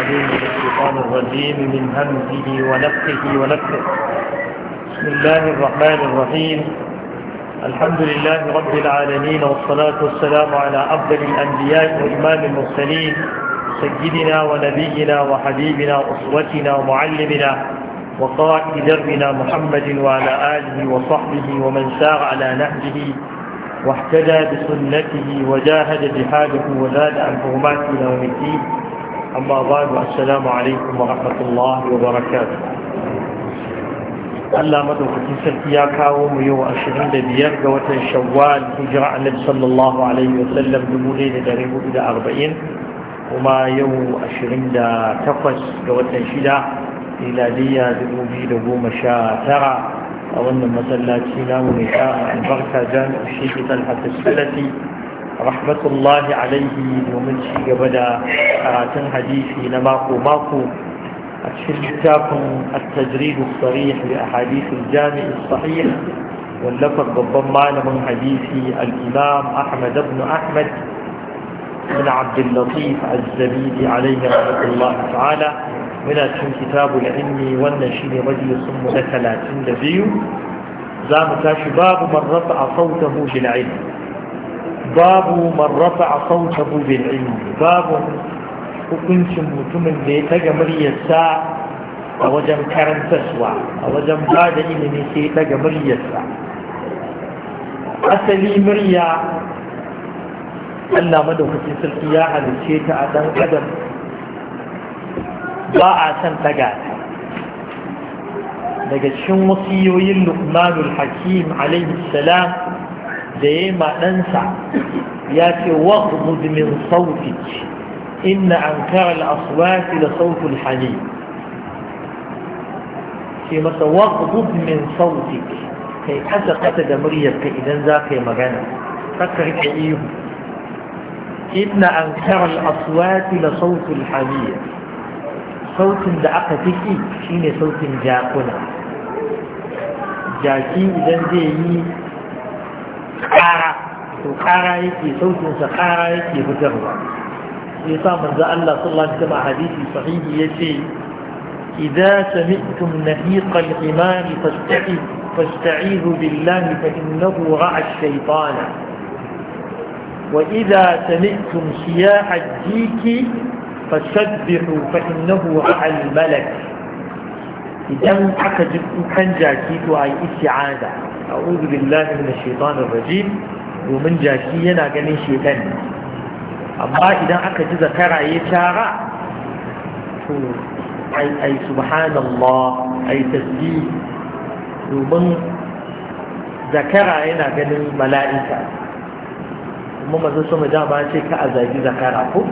العليم من الشيطان الرجيم من همزه ونفخه ونفخه بسم الله الرحمن الرحيم الحمد لله رب العالمين والصلاة والسلام على أفضل الأنبياء وإمام المرسلين سيدنا ونبينا وحبيبنا أسوتنا ومعلمنا وقائد دربنا محمد وعلى آله وصحبه ومن سار على نهجه واحتدى بسنته وجاهد جهاده وزاد عن حرمات إلى يوم الدين أما بعد السلام عليكم ورحمة الله وبركاته Allah madaukakin sarki ya kawo mu yau ashirin da biyar ga watan shawwal hijira annabi sallallahu alaihi wa sallam dubu ɗaya da ɗari hudu da arba'in kuma yau ashirin da takwas ga watan shida miladiyya dubu biyu da goma sha tara a wannan masallaci namu mai sha albarka jami'ar shi رحمة الله عليه ومن شيء بدأ حديثي لماكو ماكو كتابكم التجريد الصريح لأحاديث الجامع الصحيح واللفظ بالضمان من حديثي الإمام أحمد بن أحمد بن عبد اللطيف الزبيدي عليه رحمة الله تعالى من أتم كتاب العلم والنشيد مجلس مدثلات لبيو زامتا شباب من رفع صوته بالعلم babu marrafa a sauta bil ilmi babu hukuncin mutumin da ya taga muryarsa a wajen karantarwa a wajen ba da ilimi sai ya taga muryarsa asali murya Allah madaukakin sarki ya halice ta a ɗan adam ba a san taga daga cikin wasiyoyin lukmanul hakim alaihi salam da ya yi maɗansa ya ce wa min sauti inna an kara al'aswati da sautul hali ce masa wa min sauti kai kasa kasa da muryarka idan za ka yi magana sakar ka ihu inna an kara al'aswati da sautul hali sautin da aka fiki shine sautin jakuna jaki idan zai yi إذا سمعتم نهيق الإمام فاستعيذ, فاستعيذ بالله فإنه رعى الشيطان وإذا سمعتم سياح الديك فسبحوا فإنه رعى الملك إذا حكى جبت جبتكا جاكيت أي إسعادة أعوذ بالله من الشيطان الرجيم domin jaki yana ganin shekani amma idan aka ji zakara ya tara to ai ai subhanallah ai tasbih domin zakara yana ganin mala'ika kuma mazan sama dama ce ka a zagi zakara ko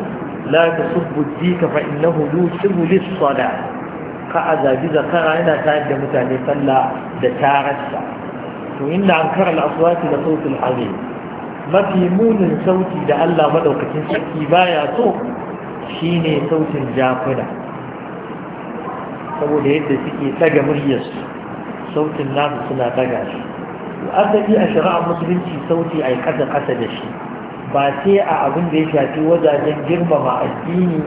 la ta subbuji ka fa innahu yusibu lis-sala ka a zagi zakara yana tayar da mutane sallah da tararsa to inda an kara al-aswati da sautul azim mafi munin sauti da Allah maɗaukacin sarki baya so shine sautin jafuna saboda yadda suke tsaga muryarsu sautin nasu suna daga shi asali a shari'ar musulunci sauti a kasa kasa da shi ba sai a abin da ya shafi wajajen girmama addini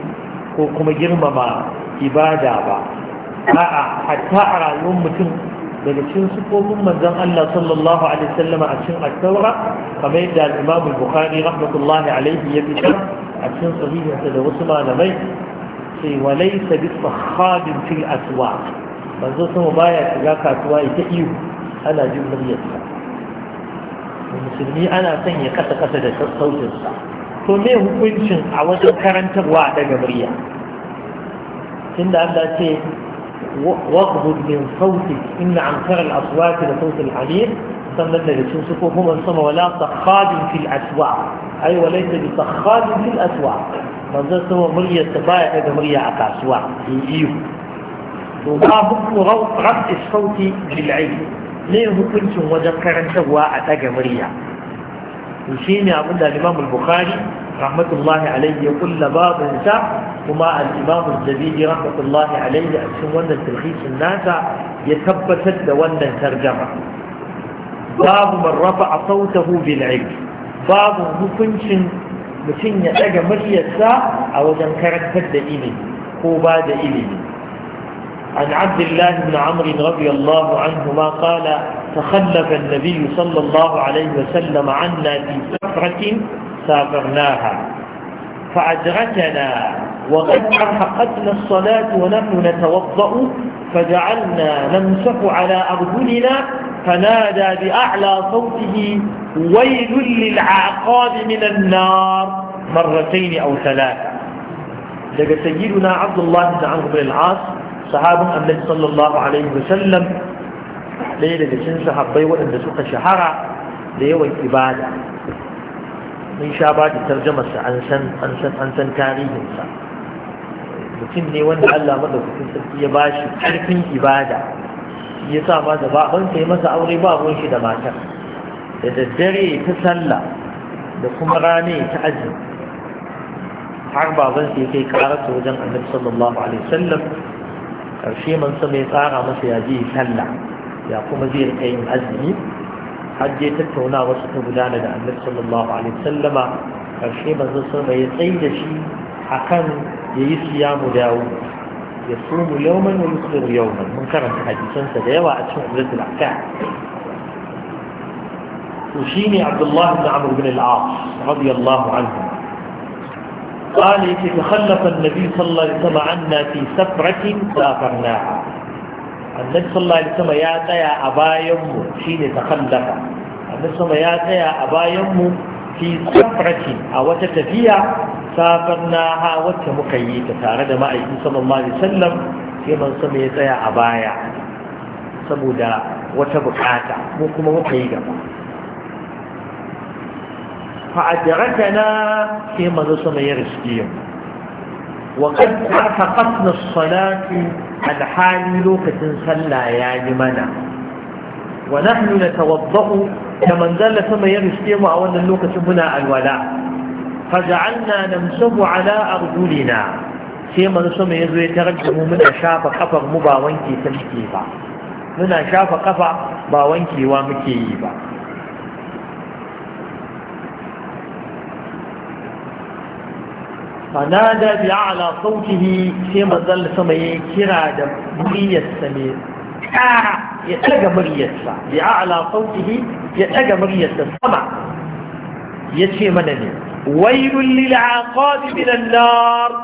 ko kuma girmama ibada ba a'a hatta a rayuwar mutum daga cikin sufofin manzan Allah sallallahu alaihi wasallam a cikin at kamar yadda al bukhari rahmatullahi alaihi ya fitar a cikin sahihinsa da wasu malamai sai walai bi sahabin fil aswaq manzo sama baya shiga kasuwa ita iyo ana jin muryarsa musulmi ana son ya kasa kasa da sautinsa to me hukuncin a wajen karantarwa daga murya tunda Allah ce واغضض من صوتك إن عنكر الأصوات لصوت الحمير سمى النبي سنسكوهما السماء ولا صخاد في الأسواق أي وليس بصخاد في الأسواق manzon sama murya ta baya da murya a kasuwa in iyo to ba hukmu rafi ne hukuncin wajen karantarwa a ɗaga murya to shine abin da Imam al رحمة الله عليه كل باب انسى وما الإمام الزبيدي رحمة الله عليه أسهم وانا التلخيص الناس يتبتد وانا ترجمة باب من رفع صوته بالعلم باب مكنش mutum ya مرية ساء أو wajen فد إلي هو باد إلي عن عبد الله بن عمرو رضي الله عنهما قال تخلف النبي صلى الله عليه وسلم عنا في سفرة سافرناها فأجرتنا وقد أرهقتنا الصلاة ونحن نتوضأ فجعلنا نمسح على أرجلنا فنادى بأعلى صوته ويل للعقاب من النار مرتين أو ثلاثة لقى سيدنا عبد الله بن عمرو بن العاص صحاب النبي صلى الله عليه وسلم ليلة سن صحابي وأن سوق شهرة ليوم إبادة mun sha ba da tarjamarsa an san tarihinsa mutum ne wanda Allah madaukakin sarki ya ba shi ƙarfin ibada Iyasa ya sa ma da ba ban sai masa aure ba ruwan shi da matar da daddare ta sallah da kuma rane ta aji har baban sai kai karasa wajen annabi sallallahu alaihi wasallam karshe man sa mai tsara masa ya je sallah ya kuma zai rika yin azumi حجي تتونا وسط بلانا دا أمد صلى الله عليه وسلم فرشي مزرسل بيطيد شي حقا يسيام داو يصوم يوما ويصدر يوما من كرم حديثا سديوة أتشم عمرة العكاة وشيني عبد الله بن عمرو بن العاص رضي الله عنه قال يتخلف النبي صلى الله عليه وسلم عنا في سفرة سافرناها annabi sallallahu alaihi wasallam ya tsaya a bayan mu shine takallafa annabi sama ya tsaya a bayan mu fi safrati a wata tafiya safarnaha wacce muka yi ta tare da ma'aikin sallallahu alaihi wasallam sai man sama ya tsaya a baya saboda wata bukata mu kuma muka yi gaba fa'ajaratana sai manzo sama ya riske mu وقد اعتقتنا الصلاة الحالي لوكة صلى يعني منع ونحن نتوضأ كمن ذل ثم يغسل وأولا لوكة منا الولاء فجعلنا نمسه على أرجلنا سيما نسمى يزو يترجم من شاف قفر مباونكي تمكيبا من شاف قفر باونكي ومكيبا fanada bi ala sautihi sai manzon sama ya kira da muryarsa ne ya daga muryarsa bi ala sautihi ya daga muryarsa sama yace mana ne wailul lil aqab min an-nar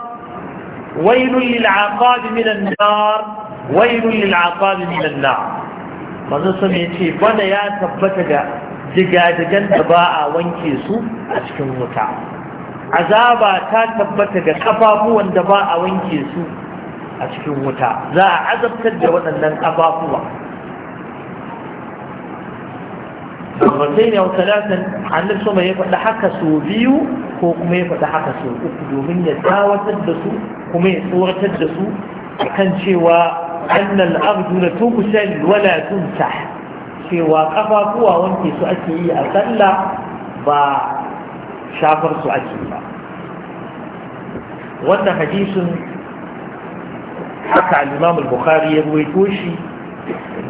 wailul lil aqab min an-nar wailul lil aqab min an-nar manzon sama yace bana ya tabbata ga diga-digan da ba a wanke su a cikin wuta azaba ta tabbata ga ƙafafuwan da ba a wanke su a cikin wuta za a azabtar da waɗannan kafafuwa marratai ne wata latin annabi sama ya faɗi haka sau biyu ko kuma ya faɗi haka sau uku domin ya tsawatar da su kuma ya tsoratar da su kan cewa annal abdu la tubsal wala tumsah cewa kafafuwa wanke su ake yi a sallah ba shafar su ake ba wannan hadisin haka al al-bukhari ya ruwaito shi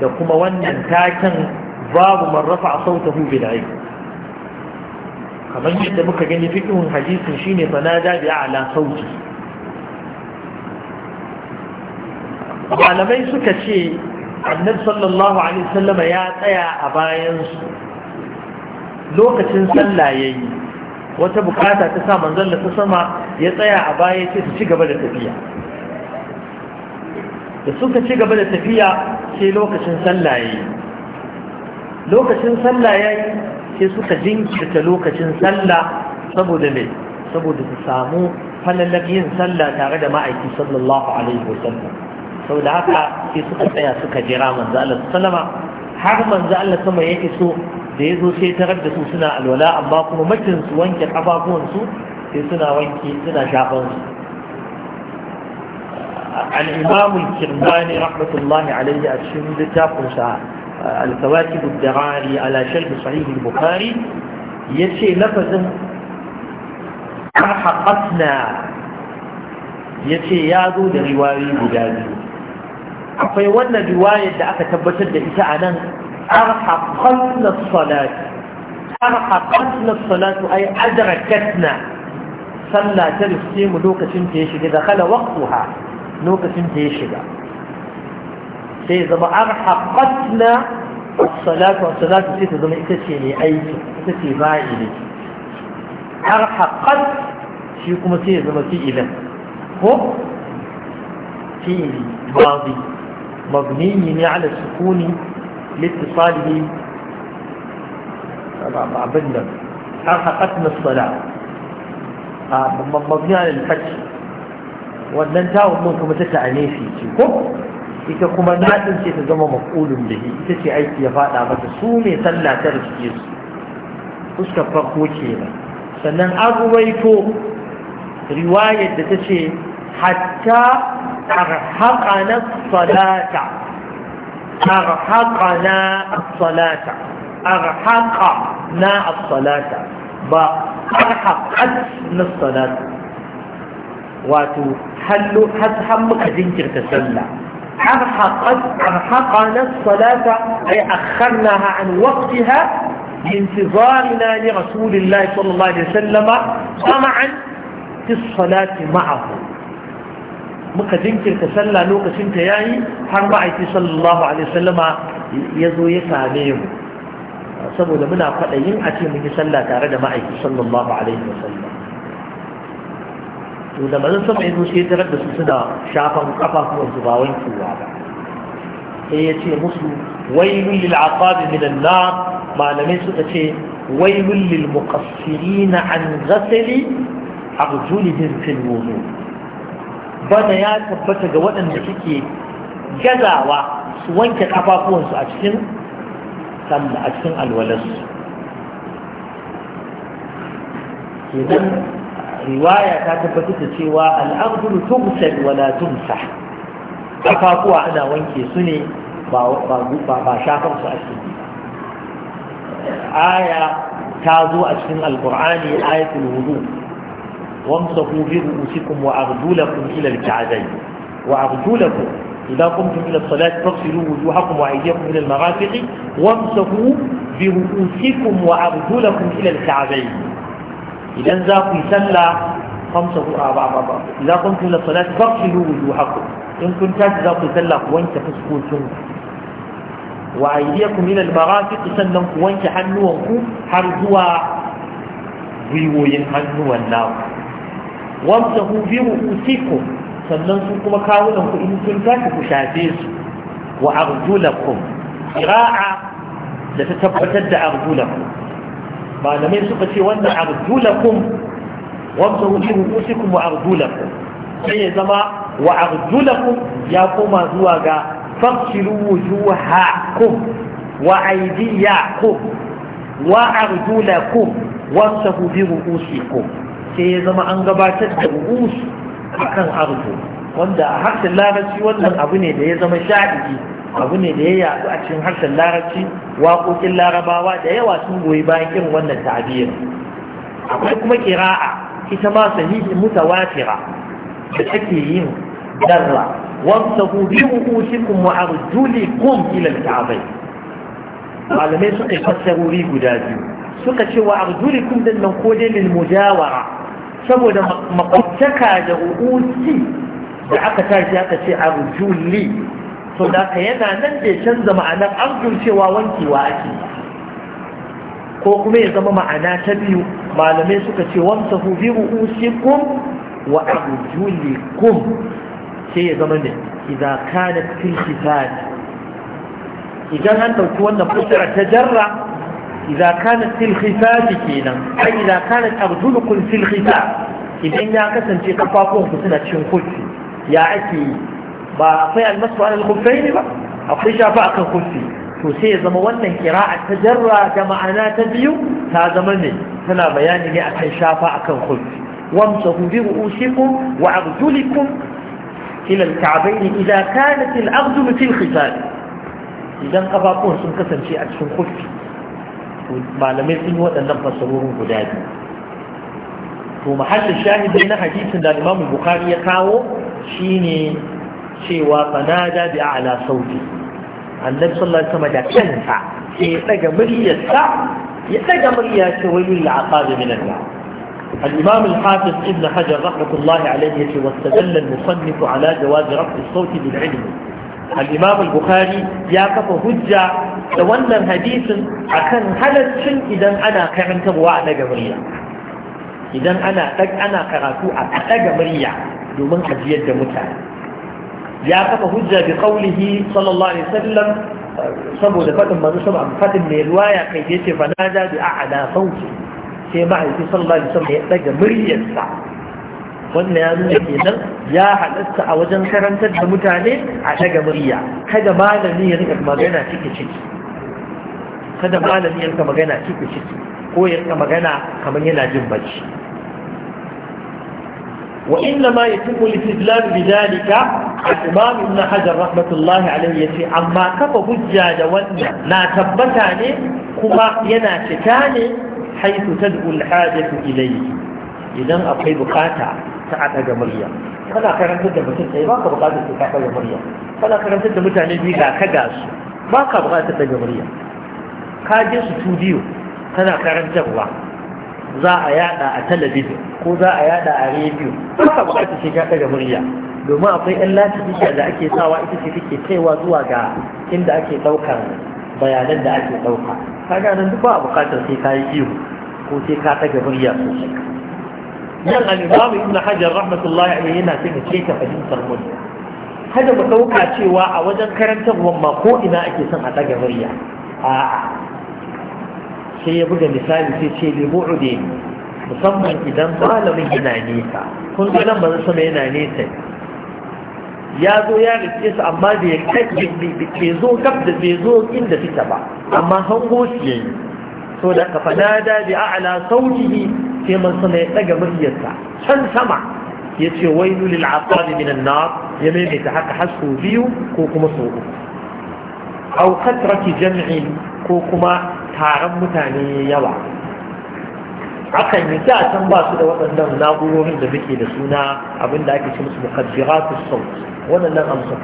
da kuma wannan taken babu man rafa hubi da ilm kamar yadda muka gani fiqhun hadisin shine fanada bi a'la sauti malamai suka ce annabi sallallahu alaihi ya tsaya a bayansu. lokacin sallah yayi wata bukata ta sa manzon da ta sama ya tsaya a baya ce su ci gaba da tafiya da suka ci gaba da tafiya sai lokacin sallaye. lokacin sallaye sai suka jinkirta lokacin sallah saboda me saboda su samu falalar yin sallah tare da ma'aiki sallallahu alaihi wasallam da haka sai suka tsaya suka jira manzo Allah sallama har manzo Allah sama ya iso da ya zo sai tarar da su suna alwala amma kuma makin su wanke kafafuwansu sai suna wanke suna shafansu al kirmani rahmatullahi alayhi a cikin littafin al-kawakib ad ala sharh sahih al-bukhari yace lafazin haqqatna yace ya zo da riwayoyi guda biyu akwai wannan riwayar da aka tabbatar da ita a nan أرحى قتل الصلاة أرحى قتل الصلاة أي أدركتنا صلى ترسيم لوكة تيشد دخل وقتها لوكة تيشد سيزم أرحى قتل الصلاة والصلاة ستزم إتسيني أيك إتسي فائلي أرحى قتل فيكم سيزم فيئلا هو فيئلي ماضي مبني على السكون لاتصاله عبدنا أرهقتنا الصلاة مبني على الفتح wannan tawon mun kuma ta ta'ane shi ce ko ita kuma nadin ce ta zama maf'ulun bihi ita ce aiki ya faɗa mata su ne sallah ta rike su fuskar farko kenan sannan an ruwaito riwayar da ta ce hatta na salata أرحقنا الصلاة أرحقنا الصلاة بأرحقتنا الصلاة وتحل حد حمك جنجر تسلى أرحقت أرحقنا الصلاة أي أخرناها عن وقتها لانتظارنا لرسول الله صلى الله عليه وسلم طمعا في الصلاة معه muka jinkirta sallah lokacin ta yayi har ma'aiki sallallahu alaihi wasallama ya zo ya same mu saboda muna kwaɗayin a ce mun yi sallah tare da ma'aiki sallallahu alaihi wasallam to da mazan sama yanzu sai tarar da su suna shafan kafafuwan su ba wankewa ba sai ya ce musu wailul lil aqabi min an-nar malamai suka ce wailul lil muqassirin an ghasli arjulihim fil wudu' bana ya tabbata ga waɗanda suke gazawa su wanke ƙafafuwansu a cikin sallah a cikin alwalarsu Idan riwaya ta tabbatar da cewa al'amdulu tumsal wala tumsa ƙafafuwa ana wanke su ne ba shafar su ake aya ta zo a cikin alkur'ani ayatul wudu وامسكوا برؤوسكم لكم إلى الكعبين لكم إذا قمتم إلى الصلاة فاغسلوا وجوهكم وأيديكم إلى المرافق وامسكوا برؤوسكم لكم إلى الكعبين إذا ذاقوا يسلى فامسحوا آه، آه، آه، إذا قمتم إلى الصلاة فاغسلوا وجوهكم إن كنت ذاقوا سلا وانت فسكوتم وأيديكم إلى المرافق سلم وانت حنوكم حرزوا ويوين حنوا النار wamsahu bi ru'usikum sannan su kuma kawunan ku in sun tashi ku shafe su wa arjulakum qira'a da ta tabbatar da arjulakum malamai suka ce wannan arjulakum wamsahu bi ru'usikum wa arjulakum sai ya zama wa arjulakum ya koma zuwa ga fafshiru wujuhakum wa aydiyakum wa arjulakum wamsahu bi ru'usikum sai ya zama an gabatar da a kan arzu wanda a harshen larabci wannan abu ne da ya zama sha'idi abu ne da ya yaɗu a cikin harshen larabci waƙoƙin larabawa da yawa sun goyi bayan irin wannan ta'abiyar akwai kuma ƙira'a ita ma sahihi mutawatira da take yin darra wamsahu bi ru'usikum wa arjulikum ila al-ka'bayn malamai suka yi fassarori guda biyu suka ce wa arjulikum din nan ko dai lil mujawara saboda makwabtaka da uci da aka tashi aka ce arjuli to da ka yana nan da ya canza ma'anar arjul wankewa ake ko kuma ya zama ma'ana ta biyu malamai suka ce wamsa hu bi ru'usikum wa arjulikum sai ya zama ne idan kana fil idan an ɗauki wannan fassara ta jarra إذا كانت في الخفاف كينا أي إذا كانت أرجلكم في الخفاف إذن يا قسم في قفاقهم فسنة شنخفي يا أكي ba akwai almasu alal khuffain ba akwai shafa akan khuffi to sai ya zama wannan kira'a ta jarra da ma'ana ta biyu ta zama ne tana bayani ne akan shafa akan khuffi wamsahu bi ru'usikum wa arjulikum ila al-ka'bayn idza kanat al-arjulu fil khifaf idan kafafun sun kasance a cikin khuffi malamai sun yi waɗannan fasarorin guda biyu to mahallin shahidi na hadisin da imamu bukari ya kawo shine cewa fanada bi a'la sauti annabi sallallahu alaihi wasallam da kansa sai ya daga muryarsa ya daga murya ce wani al'aqab min al-nar الإمام الحافظ ابن حجر رحمة الله عليه يقول المصنف على جواز رفع الصوت بالعلم al al-bukhari ya kafa hujja da wannan hadisin akan halaccin idan ana karantarwa a daga murya idan ana karatu a daga murya domin ajiyar da mutane ya kafa hujja bi qawlihi sallallahu alaihi sallam. saboda faɗin manzo sama fadin mai riwaya kai yace fa nada bi a'la sauti sai mahaifi sallallahu alaihi sallam ya daga muryarsa wannan ya nuna kenan ya halatta a wajen karantar da mutane a daga murya kada malami ya rika magana ciki ciki kada malami ya rika magana ciki ciki ko ya rika magana kamar yana jin bacci وإنما يتم الاستدلال hajar الإمام ابن حجر amma الله عليه يتي أما كفى بجا جوانا لا تبتاني كما ينا شكاني حيث تدعو الحاجة إليه idan akwai قاتا ta a murya kana karantar da mutum ɗaya ba ka buƙatar sai ka murya kana karantar da mutane biyu ga ka ga su ba ka buƙatar ga murya ka je su studio kana karantarwa za a yada a talabijin ko za a yada a rediyo ba ka buƙatar sai ka ɗaga murya domin akwai 'yan lafiya da ake sawa ita ce take kaiwa zuwa ga inda ake ɗaukar bayanan da ake ɗauka kaga nan duk ba a buƙatar sai ka yi ihu ko sai ka ga murya sosai nan al-imam ibn hajar rahmatullahi alaihi yana taimake ka fahimtar mu Hada mu dauka cewa a wajen karantarwar ma ko ina ake son a daga murya a'a sai ya buga misali sai ce bi bu'ude musamman idan malamin yana nesa kun ga nan bazan sama yana nesa ya zo ya rike su amma da ya kai bai zo gab da bai zo inda fita ba amma hango su yayi so da ka fanada bi a'la sautihi sai man sama ya daga muryarsa can sama ya ce wai lil aqabi minan nar ya maimaita haka har sau biyu ko kuma sau uku aw katrati ko kuma taron mutane yawa akan yi ta can ba su da waɗannan na'urorin da muke da suna abinda ake ce musu mukaddiratus saut waɗannan amsa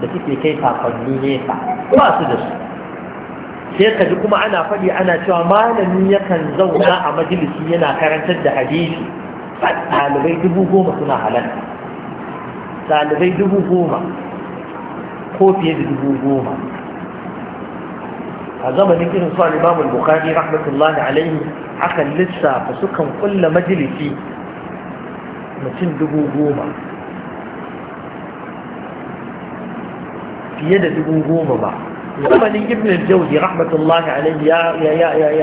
da suke kai kafanni nesa ba su da su sai ka ji kuma ana faɗi ana cewa malami yakan zauna a majalisi yana karantar da hadisi ɗalibai dubu goma suna halarta ɗalibai dubu goma ko fiye da dubu goma a zamanin irin su al bukhari rahmatullahi alaihi akan lissafa sukan kulla majalisi mutum dubu goma fiye da dubu goma ba zamanin ibn al-jawzi rahmatullahi alaihi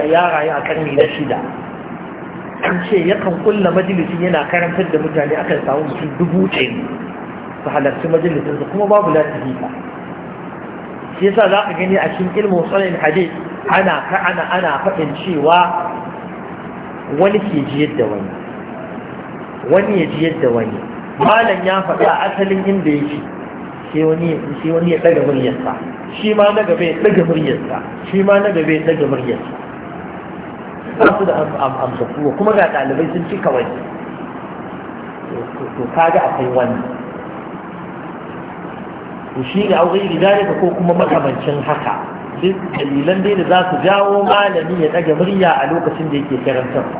ya rayu a karni na shida an ce yakan kulla majalisi yana karantar da mutane akan samu mutum dubu ɗari su halarci majalisinsu kuma babu latifi ba shi yasa za ka gani a cikin ilmin sanin hadith ana ana ana faɗin cewa wani ke jiyar da wani wani ya jiyar da wani malam ya faɗi a asalin inda yake sai wani ya ɗaga muryarsa shi ma na gaba ya ɗaga muryarsa shi ma na gaba ya ɗaga muryarsa ba su da amsa kuwa kuma ga ɗalibai sun ci kawai to kaga akwai wani to shi ga aure da ko kuma makamancin haka duk dalilan dai da za su jawo malami ya ɗaga murya a lokacin da yake karantarwa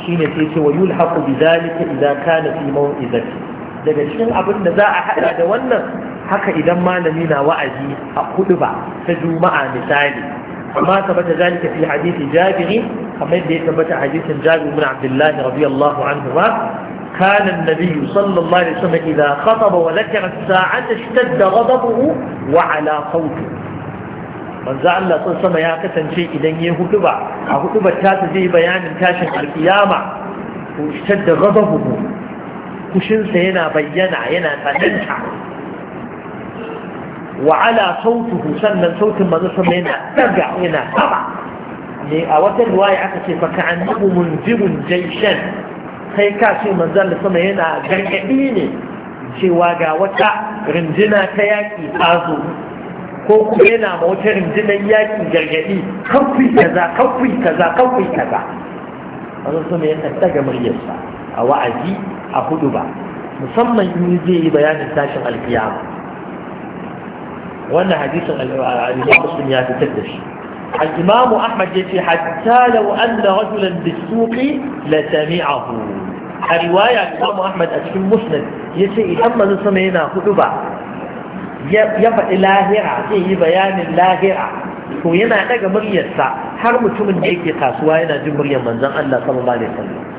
shine sai ce wa yulhaqu bi zalika idza kana fi maw'izati daga cikin abin da za a haɗa da wannan haka idan malami na wa'azi a kudu ba ta juma'a misali amma tabbata zalika fi hadisi jabiri kamar da ya tabbata hadisin jabiri bin abdullahi radiyallahu anhu ba كان النبي صلى الله عليه وسلم إذا خطب وذكر الساعة اشتد غضبه وعلى صوته manzo Allah sun sama ya kasance idan ya ba a ba ta zai bayanin tashin alkiyama to shadda ghadabuhu fushinsa yana bayyana yana tsananta wa ala sautuhu sannan sautin manzo sama yana daga yana saba ne a wata riwaya aka ce faka annabu munzirun jaishan kai ka ce manzo sama yana gargadi ne cewa ga wata rinjina ta yaki tazo ko kuma yana ma wata rindinar yaki gargadi kawai kaza kawai kaza kawai kaza manzo sama yana daga muryarsa a wa'azi a hudu ba musamman in zai yi bayanin tashin alkiyama wannan hadisin al-Muslim ya fitar da shi al-Imam Ahmad ce, hatta da anna rajulan bis suƙi, la sami'ahu a riwaya Imam Ahmad a cikin Musnad ce, idan manzo sama yana hudu ba ya faɗi lahira zai yi bayanin lahira to yana daga muryarsa har mutumin da yake kasuwa yana jin muryar manzon Allah sallallahu alaihi wasallam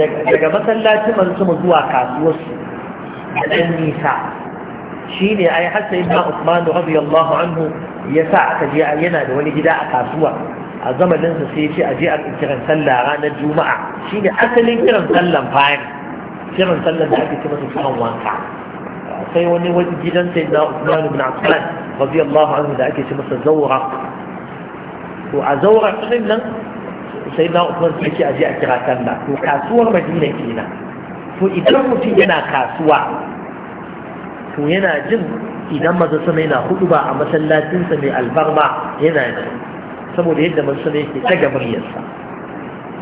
daga masallacin mansu zuwa kasuwarsu a ɗan nisa shi ne a yi hasa ibn Usman radiyallahu anhu ya sa aka je yana da wani gida a kasuwa a zamaninsa sai ce a je a kiran sallah ranar juma'a shi ne asalin kiran sallan bayan kiran sallan da ake ce masa kiran wanka sai wani wani gidan sai na Usman ibn Affan radiyallahu anhu da ake ce masa zawra to a zawra din nan sai na Usman sai ce aje a kira talla, to kasuwar Madina kenan to idan mutum yana kasuwa to yana jin idan maza sama yana hudu ba a masallacinsa mai albarma yana ji saboda yadda maza sama yake daga muryarsa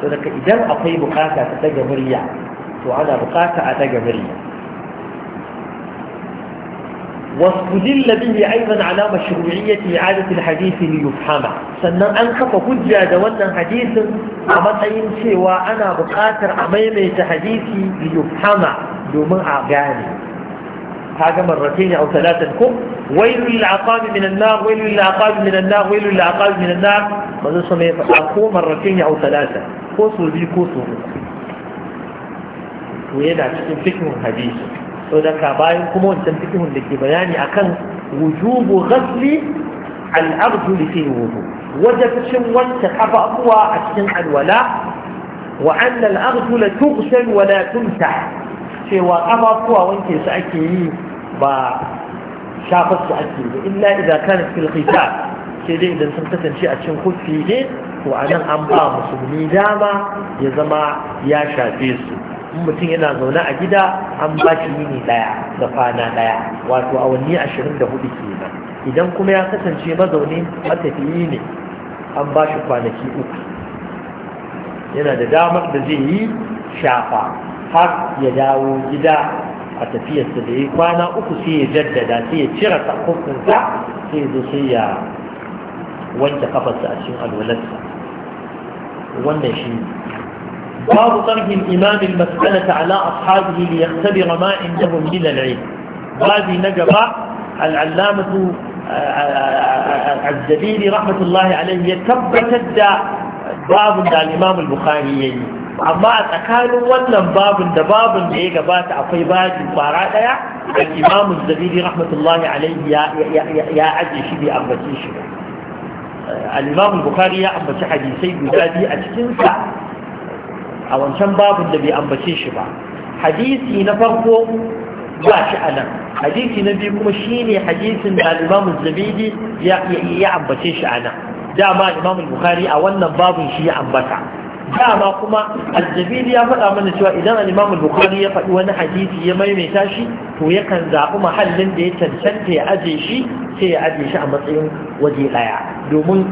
to daga idan akwai bukata ta daga murya to ana bukata a daga murya واستدل به أيضا على مشروعية إعادة الحديث ليفهم سنن أن خف حجة دولنا حديث أما تين سوى أنا بقاتر أميمة حديثي ليفهم دومن أغاني هذا مرتين أو ثلاثة كم ويل للعقاب من النار ويل للعقاب من النار ويل للعقاب من النار ماذا سمي أخو مرتين أو ثلاثة كوسو بي كوسو ويدع تكون فكر حديث so da ka bayan kuma wancan fikihun da ke bayani akan wujubu ghasli al-arjuli fi wudu wajabcin wanke kafafuwa a cikin alwala wa anna al-arjula tughsal wa la tumsah cewa kafafuwa wanke su ake yi ba shafar su ake yi illa idan kana fil khitab sai dai idan sun kasance a cikin kufi ne to anan an ba musulmi dama ya zama ya shafe su in mutum yana zaune a gida an ba shi yini ɗaya da kwana ɗaya wato awanni ashirin da hudu kenan idan kuma ya kasance mazauni matafiyi ne an ba shi kwanaki uku yana da damar da zai yi shafa har ya dawo gida a tafiyarsa da ya kwana uku sai ya jaddada sai ya cire takokunsa sai ya zo sai ya wanke kafarsa a cikin alwalarsa wannan shi ne باب طرح الإمام المسألة على أصحابه ليختبر ما عندهم من العلم هذه نجبة العلامة آه، آه، آه، الجليل رحمة الله عليه يتبت الداء باب دا الإمام البخاري أما أتكالوا ولا باب دا باب دا إيه يجبات أقوي باب الفارات الإمام الجليل رحمة الله عليه يا, يا, يا, يا عزي شبي أبتي شبي الإمام البخاري يا أبتي حديثي بجادي أتكنسا a wancan babin da bai ambace shi ba hadisi na farko ba shi anan, hadisi na biyu kuma shi ne hadisin da alimamun zabidi ya ambace shi a nan dama imamun Bukhari a wannan babin shi ya ambata dama kuma aljabili ya faɗa mana cewa idan alimamun Bukhari ya faɗi wani hadisi ya maimaita shi to yakan zaɓi mahallin da ya cancanta ya aje shi sai ya aje shi a matsayin waje ɗaya domin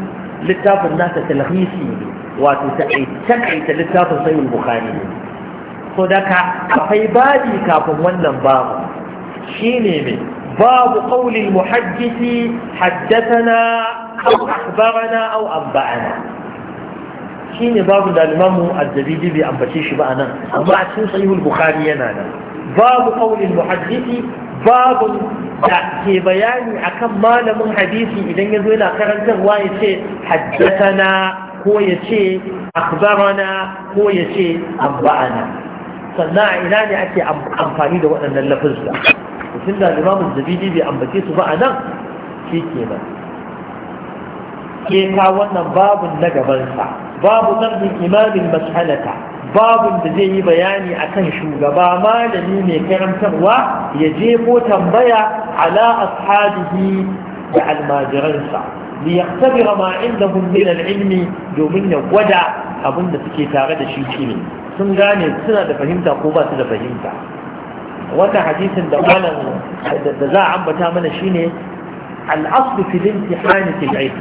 littafin nasa talhisi ne wato takaita littafin sayin bukari so daga akwai babi kafin wannan babu ne mai babu ƙaunin muhaddisi haddatana au akbarana au amba'ana ne babu da limamu azzabidi bai ambace shi ba a nan amma a cikin sahihul bukhari yana nan babu ƙaunin muhaddisi babu da ke bayani akan malamin hadisi idan ya zo yana karantarwa ya ce haddatana ko ya ce akbarana ko ya ce amba'ana? sannan a ina ne ake amfani da waɗannan lafizza mutum da limamin zabidi bai ambace su ba a nan shi ke nan ke ka wannan babun na gabansa babu zargin imamin mas'alata babun da zai yi bayani akan shugaba malami mai karantarwa ya ko tambaya ala ashabihi da almajiransa ليختبر ما عندهم من ilmi domin ya gwada abin da suke tare da shi shine sun gane suna da fahimta ko ba su da fahimta wannan hadisin da malam da za a ambata mana shine al-asl fi al-imtihan fi al-ilm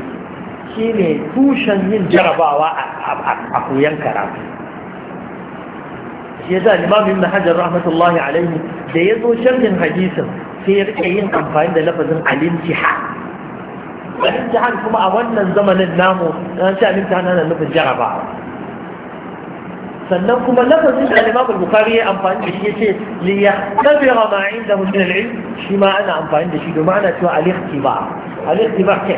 shine tushen yin jarabawa a koyan karatu shi yasa Imam Ibn Hajar rahmatullahi alaihi da yazo sharhin hadisin sai ya rike yin amfani da lafazin al-imtihan الامتحان كما أولا زمن نامو أنشاء الامتحان أنا نفس جربا sannan kuma lafazin da Imam Bukhari ya amfani da shi yace li yahtabira ma indahu min al-ilm shi ma ana amfani da shi domin ana cewa al-ikhtibar al-ikhtibar ke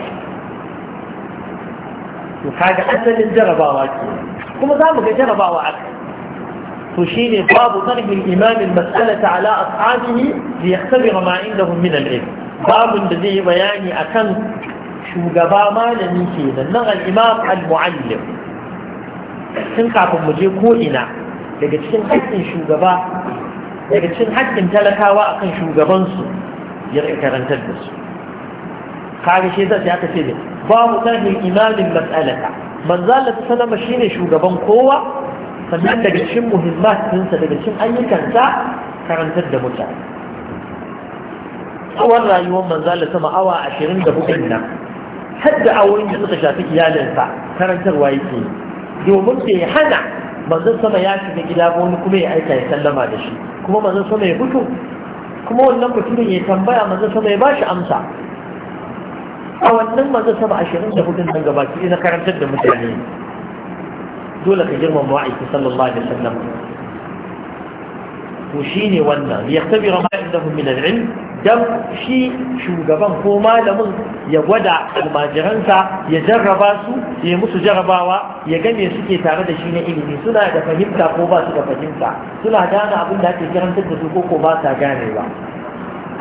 to kaga asalin jarabawa ke kuma za mu ga jarabawa aka to shine babu tarbi al-imam al-mas'alata ala ashabihi li yahtabira ma indahu min al-ilm babun da zai bayani akan shugaba malami kenan nan al-imam al tun kafin muje je ko ina daga cikin haƙƙin shugaba daga cikin haƙƙin talakawa akan shugabansu ya karantar da su kare shi zai aka ce ne babu tarhin imamin mas'alata manzo Allah sanama shi ne shugaban kowa sannan daga cikin muhimmat daga cikin ayyukansa karantar da mutane tsawon rayuwar manzo Allah sama awa 24 nan hadda a wurin da suka shafi iyalinsa karantarwa yake domin bai hana manzon sama ya shiga gida ba wani kuma ya aika ya sallama da shi kuma manzon sama ya fito kuma wannan mutumin ya tambaya manzon sama ya bashi amsa a wannan manzon sama ashirin da hudun nan gabaki na karantar da mutane dole ka girmama ma'aiki sallallahu alaihi wasallam to ne wannan yaktabira ma da min al-ilm dan shi shugaban ko malamin ya gwada almajiransa ya jarraba su ya musu jarrabawa ya ga me suke tare da shi na ilimi suna da fahimta ko ba su da fahimta suna gane abin da ake karantar da su ko ko ba sa gane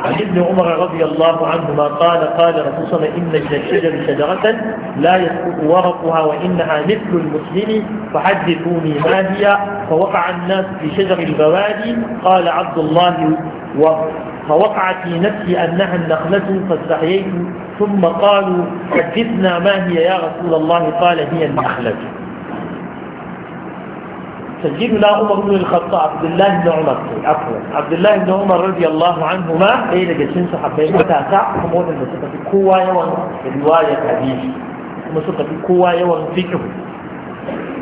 عن ابن عمر رضي الله عنهما قال قال رسول الله إن الشجر شجرة لا يسقط ورقها وإنها مثل المسلم فحدثوني ما هي فوقع الناس في شجر البوادي قال عبد الله و فوقع في نفسي أنها النخلة فاستحييت ثم قالوا حدثنا ما هي يا رسول الله قال هي النخلة سيدنا لا عمر بن الخطاب عبد الله بن عمر عفوا عبد الله بن عمر رضي الله عنهما اي ده جسم صحابي متى ساعه كمان المسكه في كوا يوم روايه حديث المسكه في كوا يوم فكه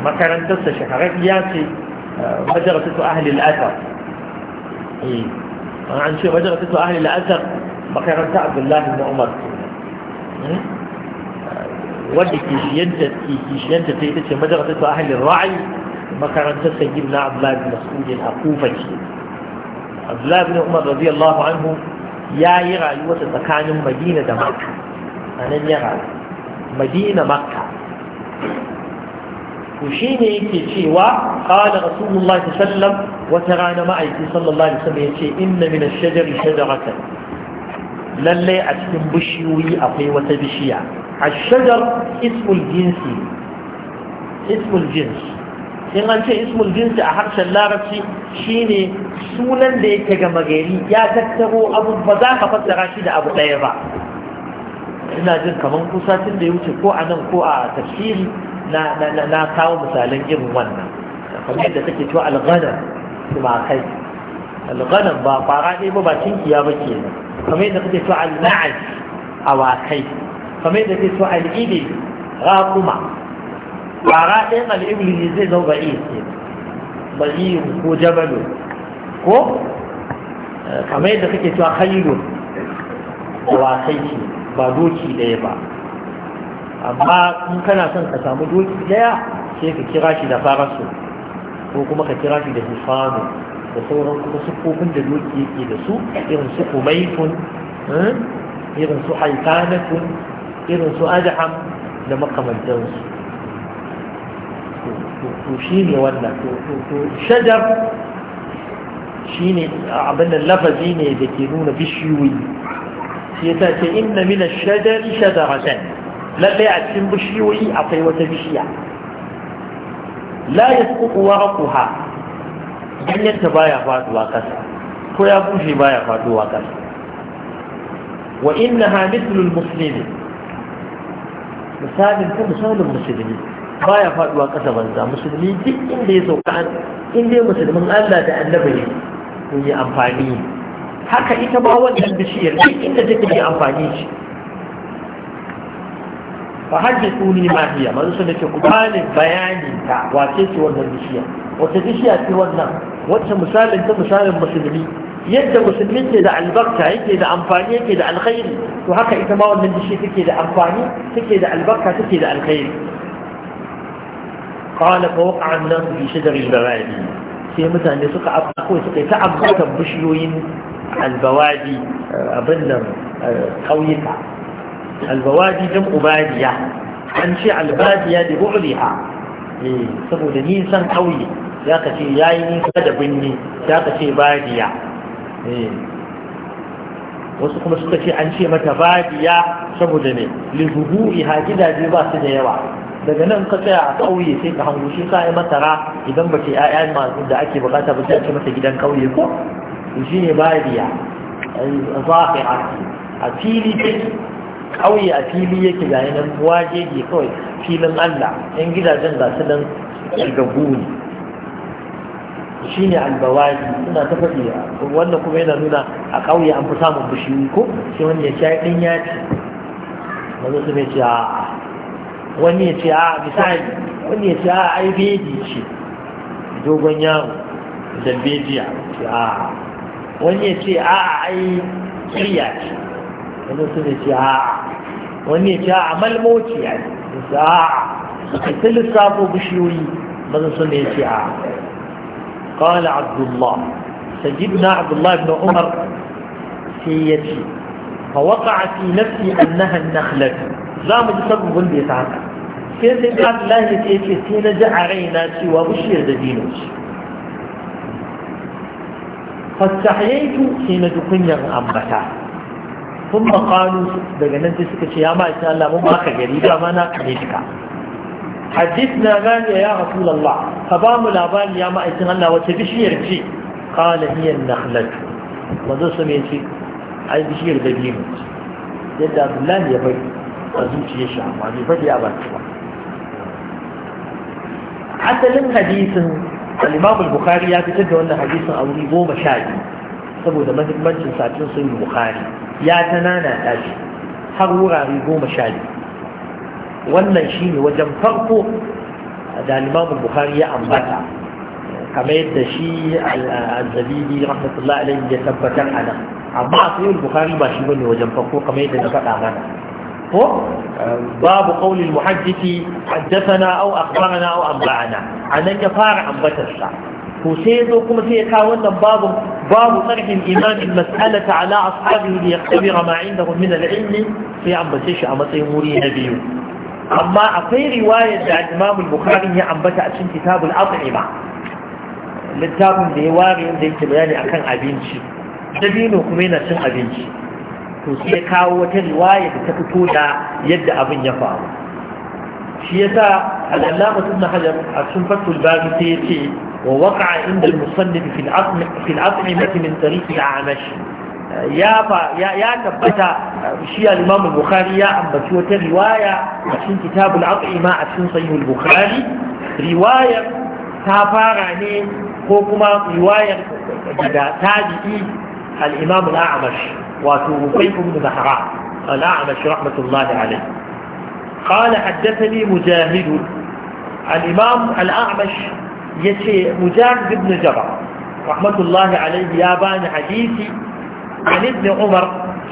ما كان تنسى شهرك يا سي اهل الاثر ايه عن شيء مجرته اهل الاثر ما كان عبد الله بن عمر إيه؟ آه، ودي كيشينتا كيشينتا إيه تيجي مجرته اهل الرعي makarantar sayyid na abdullahi mas'udin a kufa ce abdullahi bin umar radiyallahu anhu ya yi rayuwarsa tsakanin madina da makka a nan ya rayu madina makka to shi ne yake cewa qala rasulullahi Sallam, wata rana ma'aiki sallallahu alaihi sallam, wasallam yace inna min shajar shajari shajaratan lalle a cikin bishiyoyi akwai wata bishiya A shajar ismul jinsi ismul jinsi sai an ce ismul jinsi a harshen larabci shine sunan da yake gama gari ya tattaro abu ba za ka fassara shi da abu ɗaya ba ina jin kamar kusa tun da ya wuce ko a nan ko a tafsiri na kawo misalan irin wannan kamar yadda take cewa alghanar tumakai alghanar ba fara ɗaya ba ba cinkiya ba ke nan kamar yadda take to al-na'aj awakai kamar yadda take to al-ibil raquma ƙwara ɗayan al'ibli zai zau ba'i ce ba'i ko jabalu ko eh, kamar yadda kake cewa khairu dawakai ce ba doki ɗaya ba amma in kana son ka samu doki ɗaya sai ka kira shi da farasu ko kuma ka kira shi da hifanu da sauran kuma siffofin da doki yake da su irin su kumaitun eh, irin su haitanatun irin su adham da makamantansu تشيني ولا تشجر شيني عبنا اللفزيني ذكرون في الشيوي سيتاتي إن من الشجر شجرة لا يعتم بالشيوي أطيوة بشيع لا يسقط ورقها أن يتبايا فاتوا كسر كويا بوشي بايا فاتوا كسر وإنها مثل المسلمين مثال المسلمين baya faduwa ƙasa banza musulmi duk inda ya sauka an inda musulmin Allah da annabi ne mun yi amfani haka ita ba wannan bishiyar duk inda take yi amfani shi fa hajjatu ni ma hiya manzo sun ce ku bani bayanin ta wace ce wannan bishiyar wace bishiya ce wannan wacce misalin ta misalin musulmi yadda musulmi ke da albarka yake da amfani yake da alkhairi to haka ita ma wannan bishiyar take da amfani take da albarka take da alkhairi قال فوقع الناس في شجر البوادي sai mutane suka abba kawai suka yi ta abbatan bishiyoyin albawadi abin nan ƙauyuka albawadi jam ubadiya an ce albadiya da bu'liha saboda nisan ƙauye ya ka ce ya yi nisa da binni ya ka ce badiya wasu kuma suka ce an ce mata badiya saboda ne lihubu'iha gidaje ba su da yawa daga nan ka tsaya a ƙauye sai ka hango shi sa ya masara idan ba ce ƴaƴa masu da ake bukata ba sai ce mata gidan ƙauye ko shi ne bariya zafi a a fili ce ƙauye a fili yake ga yanan waje ne kawai filin Allah yan gidajen ga su nan shigagu ne shi ne albawaji suna ta faɗi wannan kuma yana nuna a ƙauye an fi samun bishiyu ko shi wanda ya sha ɗin ya ce wanda su ne ce a wani ya ce a misali wani ya ce a ai beji ce dogon yawo da bejiya ce a wani ya ce a ai kiriya ce wani su ne ce a wani ya ce a malmoci ya ce a a ta lissafo bishiyoyi mazan su ne ce a قال عبد الله سجدنا عبد الله بن عمر سيتي فوقع في نفسي أنها النخلة za mu ji sabbin da ya sa haka sai sai da Allah ya ce ce sai na ji a raina cewa bishiyar da dino ce fastahiyaitu sai na ji kunyar ambata sun maƙalu daga nan sai suka ce ya ma'aikin Allah mun baka gari da ma na kare ka حدثنا غانية ya رسول Allah wace bishiyar يا مأيتنا الله وتبشير جي قال هي النخلة وذو سميتي أي بشير دبيمت يد عبد الله a zuciyar shi amma bai faɗi a baki ba asalin hadisin al-imam al-bukhari ya fitar da wannan hadisin a wuri goma sha biyu saboda mahimmancin satin sun bukhari ya ta nana tashi har wurare goma sha biyu wannan ne wajen farko da al-imam al-bukhari ya ambata kamar yadda shi al-zabidi rahmatullahi alaihi ya tabbatar a nan amma a bukhari ba shi bane wajen farko kamar yadda na faɗa mana ko babu qaulil muhaddisi haddathana aw akhbarana aw anba'ana anan ya fara ambatarsa ko sai kuma sai ya kawo wannan babu babu sarhin imam mas'alata ala ashabihi li yaqtabira ma indahum min al-ilm sai ambace shi a matsayin wuri na biyu amma akwai riwayar da imam al-bukhari ya ambata a cikin kitabul at'ima littafin da ya ware wanda yake bayani akan abinci dabino kuma yana cin abinci to sai ya kawo wata riwaya da ta fito da yadda abin ya faru shi yasa al-allama ibn hajar a cikin fatul bari sai yace wa waqa'a inda al-musannif fi al-asm fi al-asmimah min tariq al-amash ya ya tabbata shi al-imam al-bukhari ya ambaci wata riwaya a cikin kitabul al-asmimah a cikin sahih al-bukhari riwayar ta fara ne ko kuma riwayar da tabi'i al-imam al-a'mash wato ubayy ibn zahra al-a'mash rahmatullahi alayh قال حدثني مجاهد الإمام الأعمش يتي مجاهد بن جبر رحمة الله عليه يابان حديثي عن ابن umar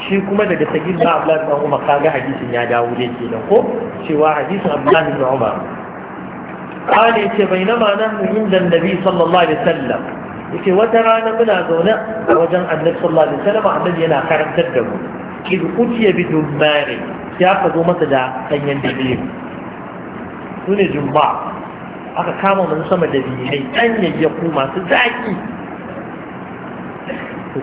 shi kuma daga sagin na Abdullahi bin Umar kaga hadisin ya dawo dai kenan ko cewa hadisin Abdullahi bin Umar قال يتي بينما نحن عند النبي صلى الله عليه sallam. yake wata rana muna zaune a wajen annabi sallallahu alaihi wasallam annabi yana karantar da mu id utiya bi dummari ya ka zo masa da kanyen dabino sune jumba aka kama mun sama da biyu biyai ku masu zaki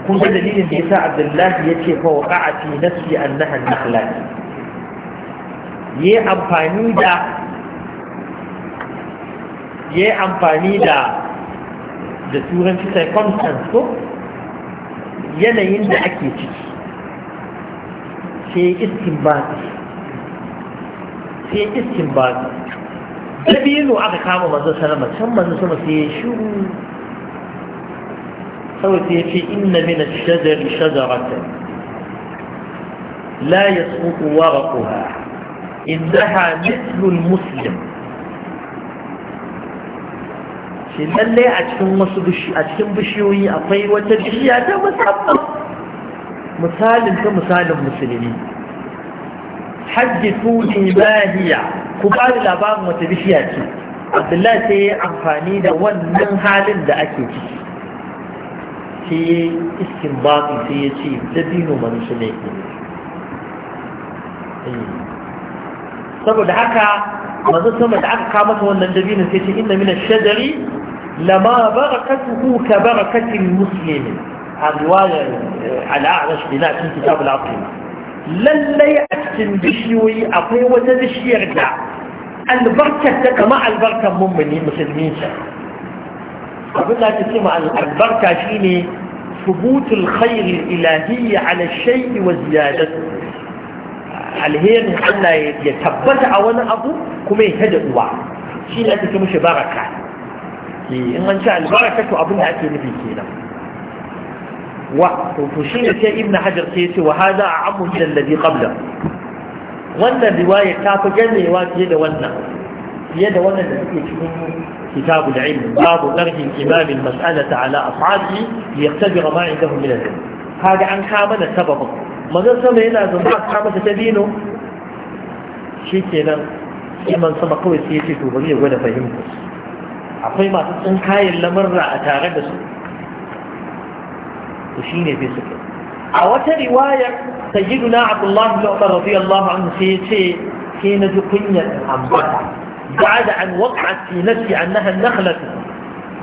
kun ga dalilin da yasa Abdullahi ya ce fa waqa'a fi nafsi annaha an-nakhla yayi amfani da yayi amfani da da turanci circumstance ko yanayin da ake ciki sai istinbati sai istinbati dabino aka kama manzo salama can manzo sama sai ya shuru kawai sai ya ce inna min ash-shajari shajaratan la yasqutu waraqaha innaha mithlu al-muslim shi lallai a cikin wasu a cikin bishiyoyi akwai wata bishiya ta musamman misalin ta misalin musulmi hajjitu ibahiya ku ba da labarin wata bishiya ce abdullahi sai ya amfani da wannan halin da ake ciki sai ya iskin baƙi sai ya ce dabino manusu ne eh. saboda haka وزن سمت عقامت والنجبين سيشئن من الشجر لما بركته كبركة المسلم رواية على أعرش بناء كتاب العظيم لن يأتن بشيوي أقوة بشي يرجع البركة كما البركة ممني مسلمين قبل لا تسمع البركة شيني ثبوت الخير الإلهي على الشيء وزيادته alherin Allah ya tabbata a wani abu kuma ya tada uwa shi ne ake kuma shi baraka eh, in an ce albaraka to abin da ake nufi kenan wa to shi ne sai ibn hajar sai ya ce wa hada a abu da alladhi qabla wannan riwaya ta fi ganewa fiye da wannan fiye da wannan da suke cikin كتاب Babu, باب طرح الإمام Ala, على أصحابه ليختبر ما عندهم من العلم an kama كامل سببه magan sama yana zama a kama ta dino shi ke nan iman sama kawai sai ya ce to bari ya gwada fahimta akwai masu tsin kayan lamarra a tare da su to shi ne bai suke a wata riwayar sayyiduna abdullahi bin umar radiyallahu anhu sai ya ce sai na ji kunyar ambata بعد أن وقعت في نفسي أنها النخلة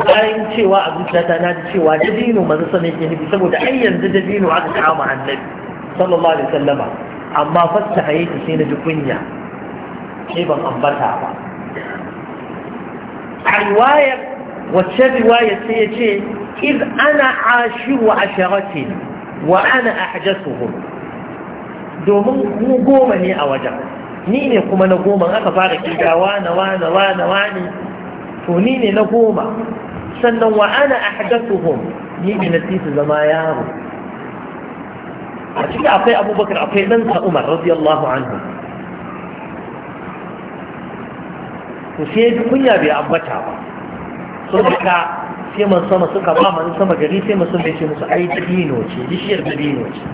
bayan cewa a zuciyata na ji cewa dabino manzo sanin ke nufi saboda ai yanzu dabino aka kama annabi sallallahu alaihi sallama amma fasta ta sai na ji kunya sai ban ambata ba a riwayar wacce riwayar sai ya ce iz ana ashiru asharatin wa ana ahjasuhum domin mu goma ne a wajen ni ne kuma na goma aka fara kira wane wane wane wane to ni ne na goma sannan wa ana ahdathuhum ni ne na su zama yaro a ciki akwai abubakar akwai ɗansa umar radiyallahu anhu to sai kunya bai ambata ba sun ka sai man sama suka ba man sama gari sai man sun bai ce musu ai dabino ce bishiyar dabino ce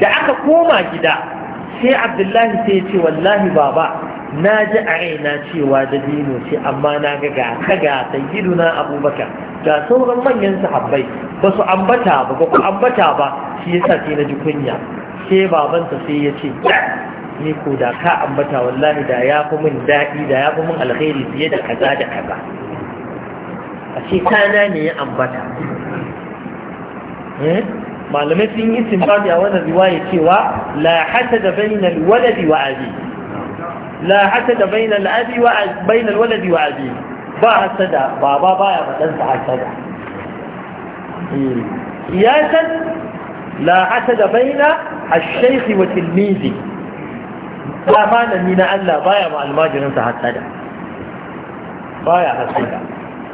da aka koma gida sai abdullahi sai ce wallahi baba na ji a raina cewa dabino ce amma na ga ga ta ga sayyiduna abubakar ga sauran manyan sahabbai ba su ambata ba ba ku ambata ba shi ya sa na ji kunya sai babansa sai ya ce ni ko da ka ambata wallahi da ya fi min daɗi da ya fi min alkhairi fiye da kaza da kaza a ce kana ne ya ambata eh? malamai sun yi simbadi a wannan riwaya cewa la da bainal alwaladi wa abi la hasada bayna alabi wa bayna alwaladi wa abi ba hasada baba baya fadan sa hasada قياسا لا عتد بين الشيخ وتلميذه لا معنى من ألا بايع مع الماجر أنت حسدا بايع حسدا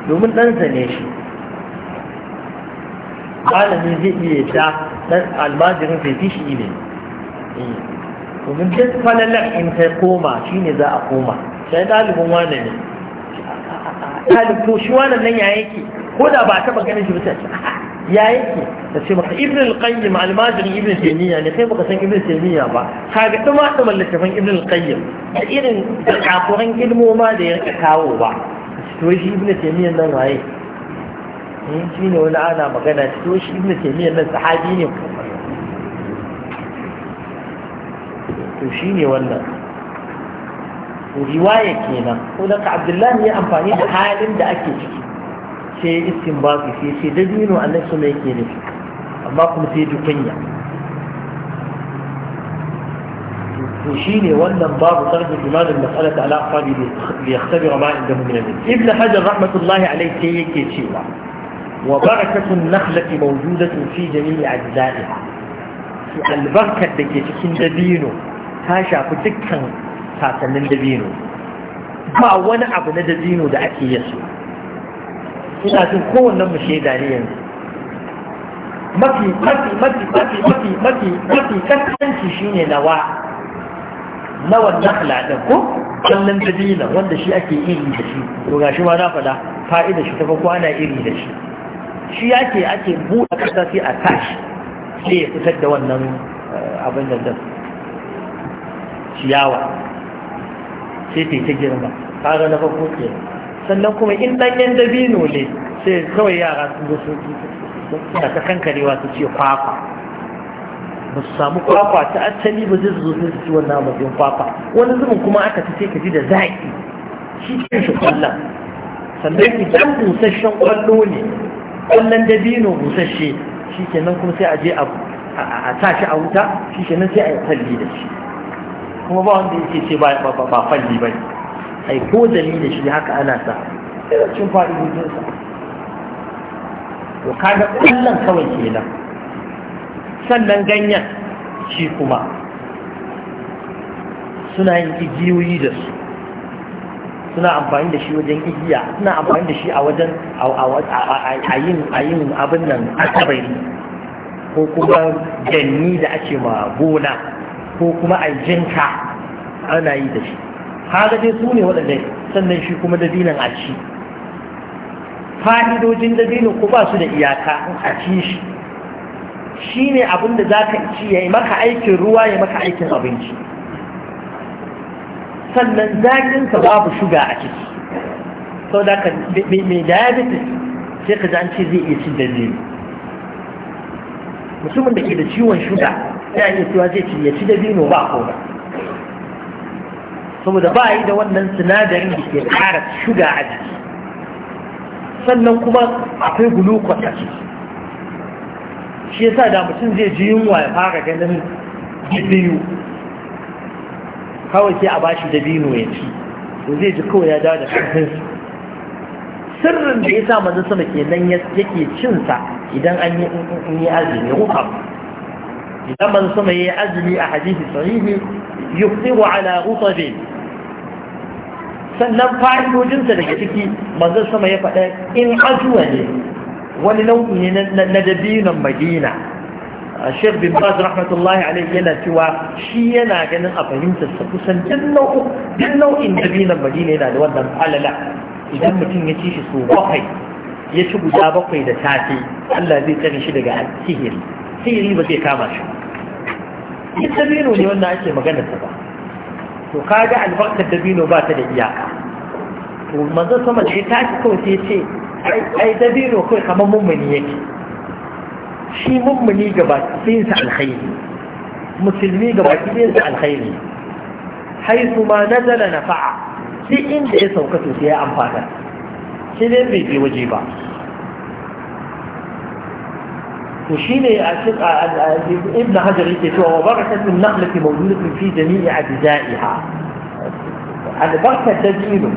domin ɗansa ne shi malami zai iya ta ɗan almajirin zai fi shi ne domin duk falalar in ta koma shi ne za a koma sai ɗalibin wane ne ɗalib to shi wane nan ya yake ko da ba taɓa ganin shi bisa ya yake da ce maka ibn al-qayyim almajirin ibn taymiya ne kai baka san ibn taymiya ba ka ga duma da mallakafin ibn al-qayyim da irin da kafuran ilmoma da ya rika kawo ba to shi ibn taymiya nan waye in eh, shi ne wani ana magana to shi ibn taymiya nan sahabi ne to shi ne wannan riwaya kenan ko da ka abdullahi ya amfani da halin da ake ciki sai iskin ba su sai ce da dino ke nufi amma kuma sai ji kunya to shine wannan babu sarfi imanin inda ibn hajar rahmatullahi alayhi sai yake cewa wa barakatun nakhlati mawjudatun fi jami'i ajza'iha albarkar da ke cikin dabino ta shafi dukkan sasannin dabino ba wani abu na dabino da ake yaso ina jin kowannen mu shaida ne yanzu mafi mafi mafi mafi mafi mafi mafi kaskanci shine nawa na wannan alaɗin ko kallon dabila wanda shi ake iri da shi to ga shi ma na faɗa fa'ida shi ta farko ana iri da shi shi yake ake buɗe ƙasa sai a tashi sai ya fitar da wannan eh, abin da da ciyawa sai ta yi ta girma Ka ga na farko kenan sannan kuma in ɗanyen dabino ne sai kawai yara sun zo suna ta kankarewa su ce kwakwa ba su samu kwakwa ta asali ba zai zo su ci wannan matsayin kwakwa wani zubin kuma aka ci ka ji da zaƙi, shi cin shi kwallon sannan idan busasshen kwallo ne kwallon dabino busasshe shi kenan kuma sai a je a sa shi a wuta shi kenan sai a yi falli da shi kuma ba wanda yake ce ba falli ba ne ai ko dalilin shi haka ana sa irin cin sa to kaga kullum kawai kenan sannan ganyen shi kuma suna yin igiyoyi da su suna amfani da shi wajen igiya suna amfani da shi a wajen a yin abin nan asabari ko kuma ganni da ake ma gona ko kuma a ana yi da shi kaga dai su ne waɗanda sannan shi kuma dabinan a ci fa'idojin dabinin ku ba su da iyaka a ci shi shi ne abin da za ka ci ya yi maka aikin ruwa ya maka aikin abinci sannan zaƙinsa babu shuga a ciki sau da ka mai diabetes sai ka an ce zai iya cin dabino mutumin da ke da ciwon shuga ya iya cewa zai ci ya ci ba ko ba saboda ba yi da wannan sinadarin da ke ƙara shuga a jiki sannan kuma akwai glucose a ciki shi yasa da mutum zai ji yunwa ya fara ganin biyu kawai sai a bashi da bino ya ci to zai ji kawai ya dawo da karfinsa sirrin da ya sa manzo sama kenan yake cinsa idan an yi azumi rufa idan sama ya yi azumi a hadisi sahihi yuftiru ala rutabi sannan fa'idojinsa daga ciki manzon sama ya faɗa in ajuwa ne wani nau'i ne na dabinon madina Sheikh bin Baz rahmatullahi alaihi yana cewa shi yana ganin a fahimtar kusan duk nau'in dabinon madina yana da wannan alala idan mutum ya ci shi so bakwai ya ci guda bakwai da tafi Allah zai tsare shi daga sihiri sihiri ba zai kama shi duk dabino ne wanda ake magana ta ba to kaga albarkar dabino ba ta da iyaka to manzo sama ce ta ci kawai sai ce ai dabino kawai kamar mummuni yake shi mummuni ga baki sa alkhairi musulmi ga baki sa alkhairi haifu ma nazala nafa'a sai inda ya sauka to sai ya amfana sai dai bai je waje ba وشيل آه، آه، ابن هجر يتسوى وبركة النخلة موجودة في جميع أجزائها أنا يعني بركة تجينه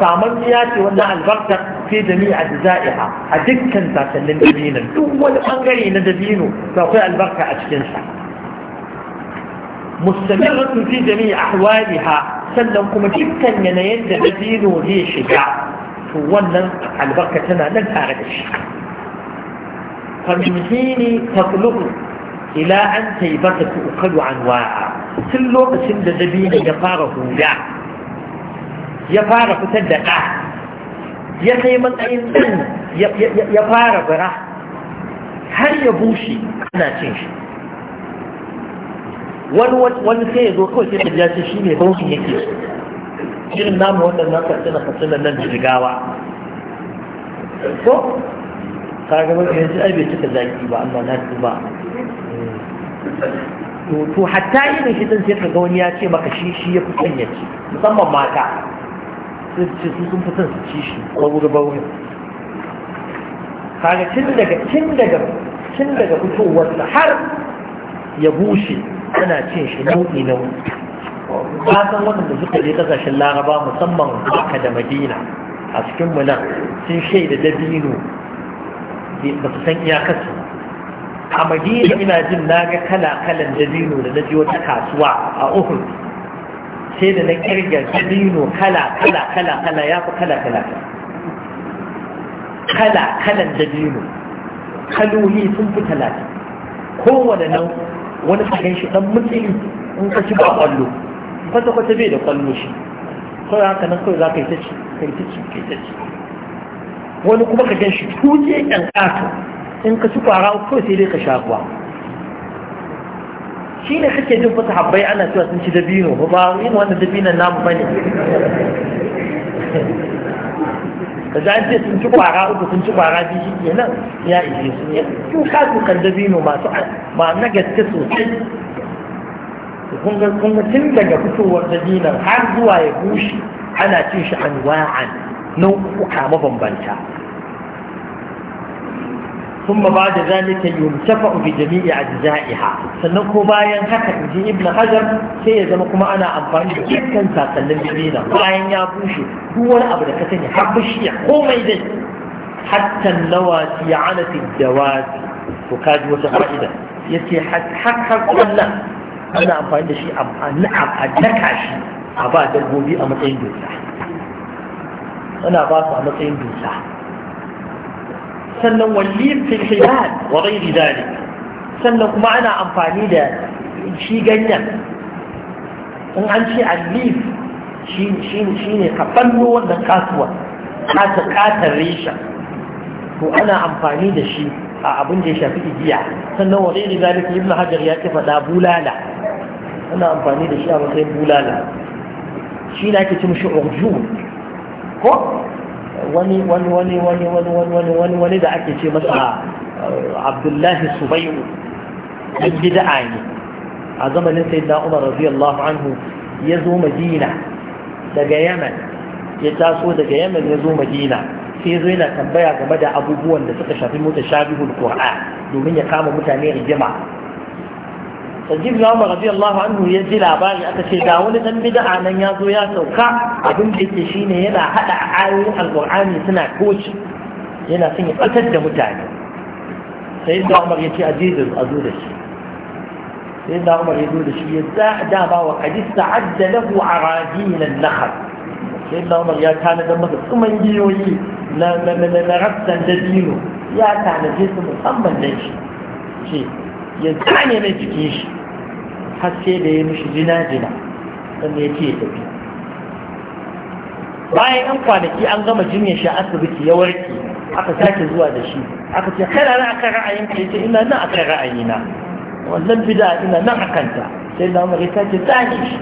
تعمل نياتي وانا البركة في جميع أجزائها أدك كنتا تلين دبينا دول أنغري ندبينه توقيع البركة أشكنسا مستمرة في جميع أحوالها سلم كما ينين دبينه هي شجاع to wannan albarka tana nan tare da shi فمن حين تطلق إلى أن تيبتك an wa'a. tun lokacin da dabini ya fara huda ya fara fitar da ɗa ya kai matsayin ɗin ya fara bara har ya bushe ana cin shi wani sai ya zo kawai sai da ya shi ne bautin yake so shirin namu wannan na katsina katsina nan da jigawa ko ka mai mafi yanzu ai bai cika zaki ba amma na ba to hatta irin shi sai ka ga wani ya ce maka shi shi ya fi sanya ci musamman mata sun ce su sun fi son su ci shi wuri wuri kaga tun daga tun daga tun daga fitowarsa har ya bushe ana cin shi nau'i nau'i ka san waɗanda suka je ƙasashen laraba musamman maka da madina a cikin mu nan sun shaida dabino da su san iyakarsu a madina ina jin na ga kala-kalan dabino da na ji wata kasuwa a uhun sai da na kirga dabino kala-kala-kala ya fi kala-kala kala-kalan dabino kaloli sun fi talatin kowane nan wani sakan shi dan mutsili in ka ci ba ƙwallo. kwata-kwata bai da kwallo shi kawai haka nan kawai za ka yi ta ci ka yi ta ci ka yi ta ci wani kuma ka gan shi tuke ɗan ƙato in ka ci kwara kawai sai dai ka sha kuwa shi ne kake jin fata habbai ana cewa sun ci dabino ba yin wannan dabinan namu ba ne da za ce sun ci kwara uku sun ci kwara biyu shi ke nan ya ishe su ya tuka tukan dabino masu ma na gaske sosai kuma tun daga fitowar na dina har zuwa ya bushe. ana cin shi an wa'an nau'uka mabambanta sun ba da zalika yi wani tafa ubi jami'i a jiza'iha sannan ko bayan haka ji ibn hajar sai ya zama kuma ana amfani da dukkan sakallin jami'ina bayan ya bushe duk wani abu da ka sani har bushe ya komai dai hatta lawati ya ana fi dawazi to kaji wata fa'ida ya ce har kan wannan ana amfani da shi a daka shi a ba dabbobi a matsayin dosa ana ba su a matsayin dosa sannan wallin filhiyar wa ghairi dalik sannan kuma ana amfani da shi ganyen in an ce allif shi ne ka fallo wannan kasuwa kata katar reshen to ana amfani da shi a abin da ya shafi igiya sannan wa ghairi dalik ibn hajar ya ce faɗa bulala suna amfani da shi a matsayin bulala shi na ake cin shi urju ko wani wani wani wani wani wani wani wani wani da ake ce masa uh, abdullahi subayu an bid'a ne a zamanin sayyidina umar radiyallahu anhu ya zo madina daga yaman ya taso daga yaman ya zo madina sai zo yana tambaya game da abubuwan da suka shafi mutashabihul qur'an domin ya kama mutane rigima sajib na umar rabi Allah anhu ya ji labari aka ce ga wani dan bid'a nan ya zo ya sauka abin da yake shine yana hada ayoyin alqur'ani suna koci yana son ya batar da mutane sai da umar ya ce azizu a zo da shi sai da umar ya zo da shi ya za da ba wa hadis ta'adda lahu arajin an-nakhl sai da umar ya tana da masa tsuman giyoyi na na na rassan da dino ya tana su musamman da shi ya zane mai cikin shi haske da ya mishi jina-jina sannan ya ce ya tafi bayan yan kwanaki an gama jinyar shi a asibiti ya warke aka sake zuwa da shi aka ce 'Kai nan akan ra'ayin ka yace ina nan akan ra'ayina wannan bid'a ina nan akan ta sai na umar ya sake zane shi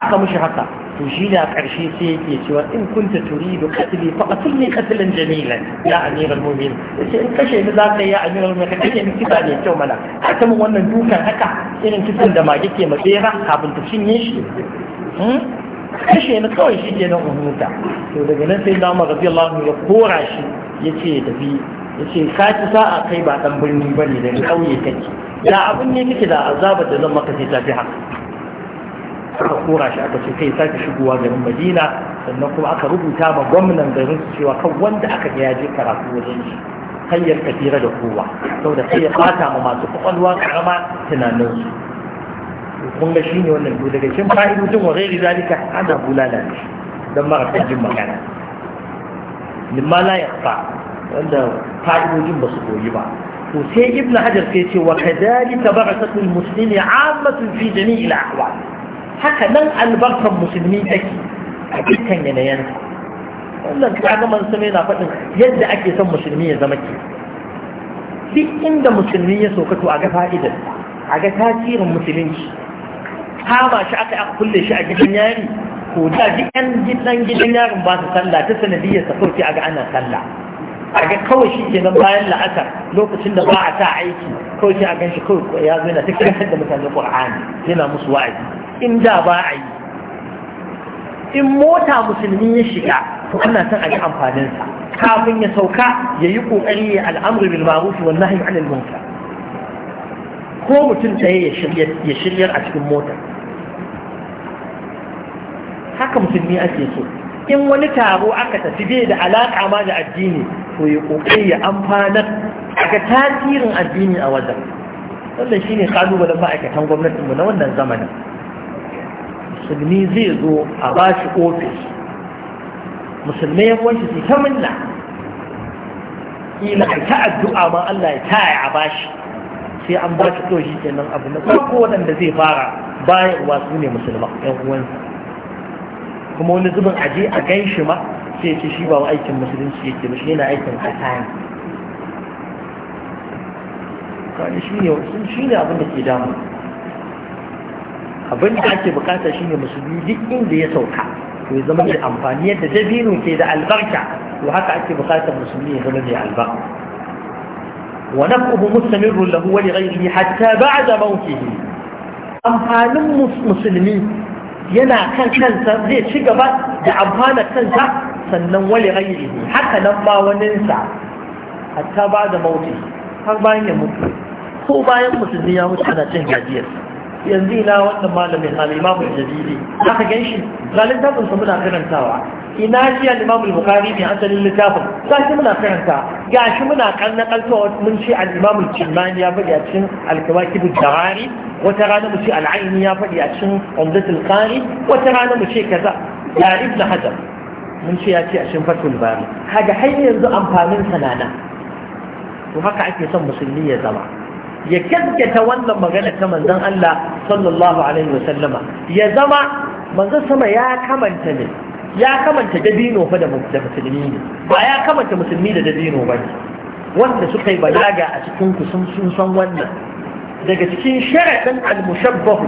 aka mishi haka to shi ne a ƙarshe sai yake cewa in Turi, turidu qatli fa ne qatlan jamila ya amiral mu'min ce in kashe ni za ka yi amiral mu'min kashe ni kisa ne kyau mana haka mun wannan dukan haka irin kisan da mage ke matsera kafin ta cinye shi hmm? kashe ni kawai shi ke nan umuta to daga nan sai zama rabi Allah ya kora shi ya ce tafi ya ce ka ci sa'a kai ba ɗan birni ba ne daga ƙauye kake da abin ne kake da azabar da zan maka sai tafi haka suka kora shi aka ce kai sake shigowa garin madina sannan kuma aka rubuta ma gwamnan garin su cewa kan wanda aka ga ya je karatu wajen shi hanyar kafira da kowa saboda sai ya bata ma masu kwakwalwa karama tunaninsu kun ga shi ne wannan to daga cikin fa'idojin wa ghairi zalika ana bulala shi dan mara jin magana limma la yakhfa wanda fa'idojin ba su koyi ba to sai ibnu hajar sai ce wa kadhalika ba'athatul muslimi 'ammatun fi jami'il ahwal haka nan albarkar musulmi take a dukkan yanayinsa wannan kaga manzo yana faɗin yadda ake son musulmi ya zama ke duk inda musulmi ya sokato a ga fa'idar a ga tasirin musulunci kama shi aka aka kulle shi a gidan yari ko da duk yan gidan gidan yarin ba su sallah ta sanadiyar sa sauki a ga ana sallah a ga kawai shi ke nan bayan la'akar lokacin da ba a sa aiki kawai shi a gan shi kawai ya zo yana ta da mutane ƙur'ani yana musu wa'azi in da ba a yi in mota musulmi ya shiga to ana son a yi amfaninsa kafin ya sauka ya yi ƙoƙari ya al'amri bil ma'ruf wa nahyi 'anil munkar ko mutum ɗaya ya shiryar a cikin motar haka musulmi ake so in wani taro aka tafi bai da alaƙa ma da addini to ya ƙoƙari ya amfanar ga tasirin addini a wajen wannan shine kalubalen ma'aikatan gwamnatinmu na wannan zamanin musulmi zai zo a ba shi ofis musulmai ya kwanci su ta minna ila a ta addu'a ma Allah ya taya a ba shi sai an ba shi kawai shi kenan abu na farko waɗanda zai fara bayarwa su ne musulma yan uwansa kuma wani zubin aje a gan shi ma sai ce shi ba wa aikin musulunci yake ba shi yana aikin kasa ne shi ne abin da ke damu abin da ake bukata shine musulmi duk inda ya sauka to ya zama mai amfani yadda dabino ke da albarka to haka ake bukatar musulmi ya zama mai albarka wa naf'uhu mustamirrun lahu wa li ghayrihi hatta ba'da mawtihi amfanin musulmi yana kan kansa zai ci gaba da amfanar kansa sannan wali ghairihi haka nan ma waninsa hatta ba da har ko bayan musulmi ya mutu ana cin gajiyarsa yanzu ina wannan malamin al-imamu jadidi aka gan shi ga littafin sa muna karantawa ina shi al-imamu al-bukhari ne asalin littafin ga shi muna karanta ga shi muna kanna kaltuwa mun ce al-imamu al-chimani ya faɗi a cikin al-kawakib al-jawari wata rana mu ce al-aini ya faɗi a cikin umdatul qari wata rana mu ce kaza ya ibn hajar mun ce ya ce a cikin fatul bari kaga har yanzu amfanin sanana to haka ake son musulmi ya zama ya gaskata wannan magana ta manzon Allah sallallahu alaihi wasallama ya zama manzon sama ya kamanta ne ya kamanta dabino fa da musulmi ne ba ya kamanta musulmi da dabino ba ne wanda suka yi balaga a cikin ku sun san wannan daga cikin sharaɗin al-mushabbahu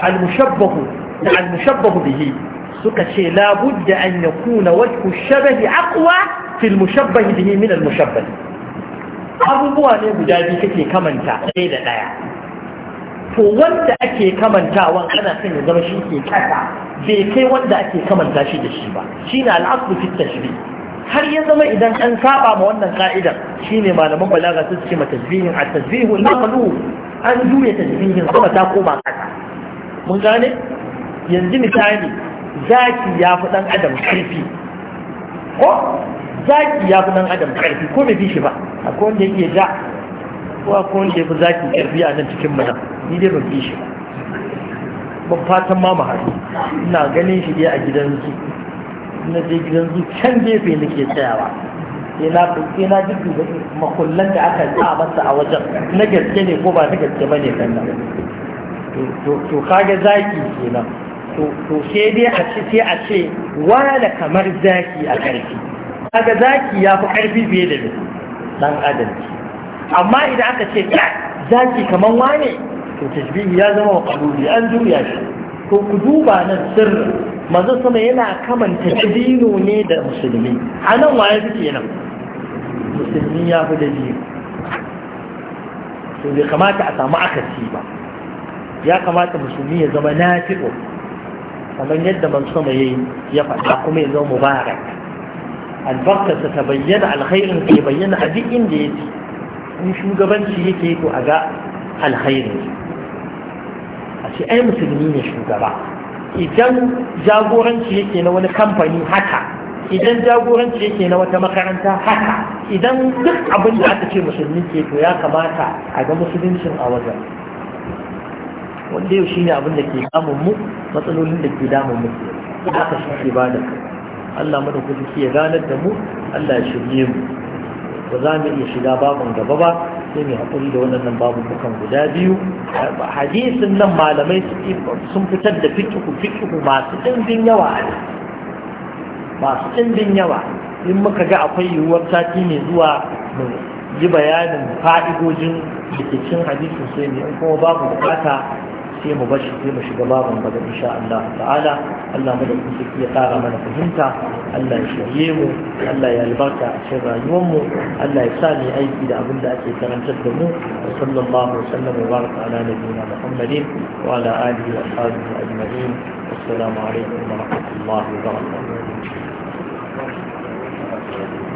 al-mushabbahu da al-mushabbahu bihi suka ce labudda an yakuna wajhu shabahi aqwa fi al-mushabbahi bihi min al-mushabbah abubuwa ne guda biyu kake kamanta ɗaya da ɗaya to wanda ake kamantawan ana son ya zama shi ke kasa bai kai wanda ake kamanta shi da shi ba shi na al'asu fi tashbih har ya zama idan an saba ma wannan ka'idar ne malaman balaga su ce matasbihin a tasbihu na kalu an juya tasbihin kuma ta koma kasa mun gane yanzu misali zaki ya fi dan adam karfi ko zaki ya fi nan adam karfi ko bai fi shi ba akwai wanda yake ja ko akwai wanda ya fi zaki karfi a nan cikin mana ni dai ban fi shi ba ban fatan ma mu haɗu ina ganin shi dai a gidan zu na dai gidan zu can gefe nake tsayawa sai na sai na ji duba makullan da aka sa masa a wajen na gaske ne ko ba na gaske ba ne kan nan to kaga zaki kenan to sai dai a ce sai a ce wala kamar zaki a karfi kaga zaki ya fi ƙarfi fiye da ɗan adam amma idan aka ce zaki kamar wane to tashbihi ya zama wa ƙaluli an juya shi Ko ku duba nan sirri manzo sama yana kamanta dabino ne da musulmi a nan waye fi nan? musulmi ya fi dabino to bai kamata a samu akasi ba ya kamata musulmi ya zama nafi'u kamar yadda manzo sama yayi ya faɗa kuma ya zama mubarak albarkarsa ta bayyana alkhairin ke bayyana a duk inda ya ce in shugabanci yake ko a ga alkhairin a ce ai musulmi ne shugaba idan jagoranci yake na wani kamfani haka idan jagoranci yake na wata makaranta haka idan duk abin da aka ce musulmi ke to ya kamata a ga musuluncin a wajen wanda yau ne abin da ke damun mu matsalolin da ke damun mu haka shi ba da kai Allah madaukaki ya ganar da mu Allah ya shirye mu ba za mu iya shiga babun gaba ba sai mai haƙuri da wannan babu bukan guda biyu hadisin nan malamai sun fitar da fikihu fikihu masu ɗimbin yawa masu ɗimbin yawa in muka ga akwai yiwuwar sati mai zuwa mu yi bayanin fa'idojin rikicin hadisin sai ne in kuma babu bukata sai mu bashi sai mu shiga babin daga insha Allah ta'ala Allah mu da kuke ya ƙara mana fahimta Allah ya shirye mu Allah ya albarka a cikin rayuwar mu Allah ya sa mu aiki da abin da ake karantar da mu sallallahu alaihi wa sallam wa baraka ala nabiyyina Muhammadin wa ala alihi wa ashabihi ajma'in assalamu alaikum wa rahmatullahi wa barakatuh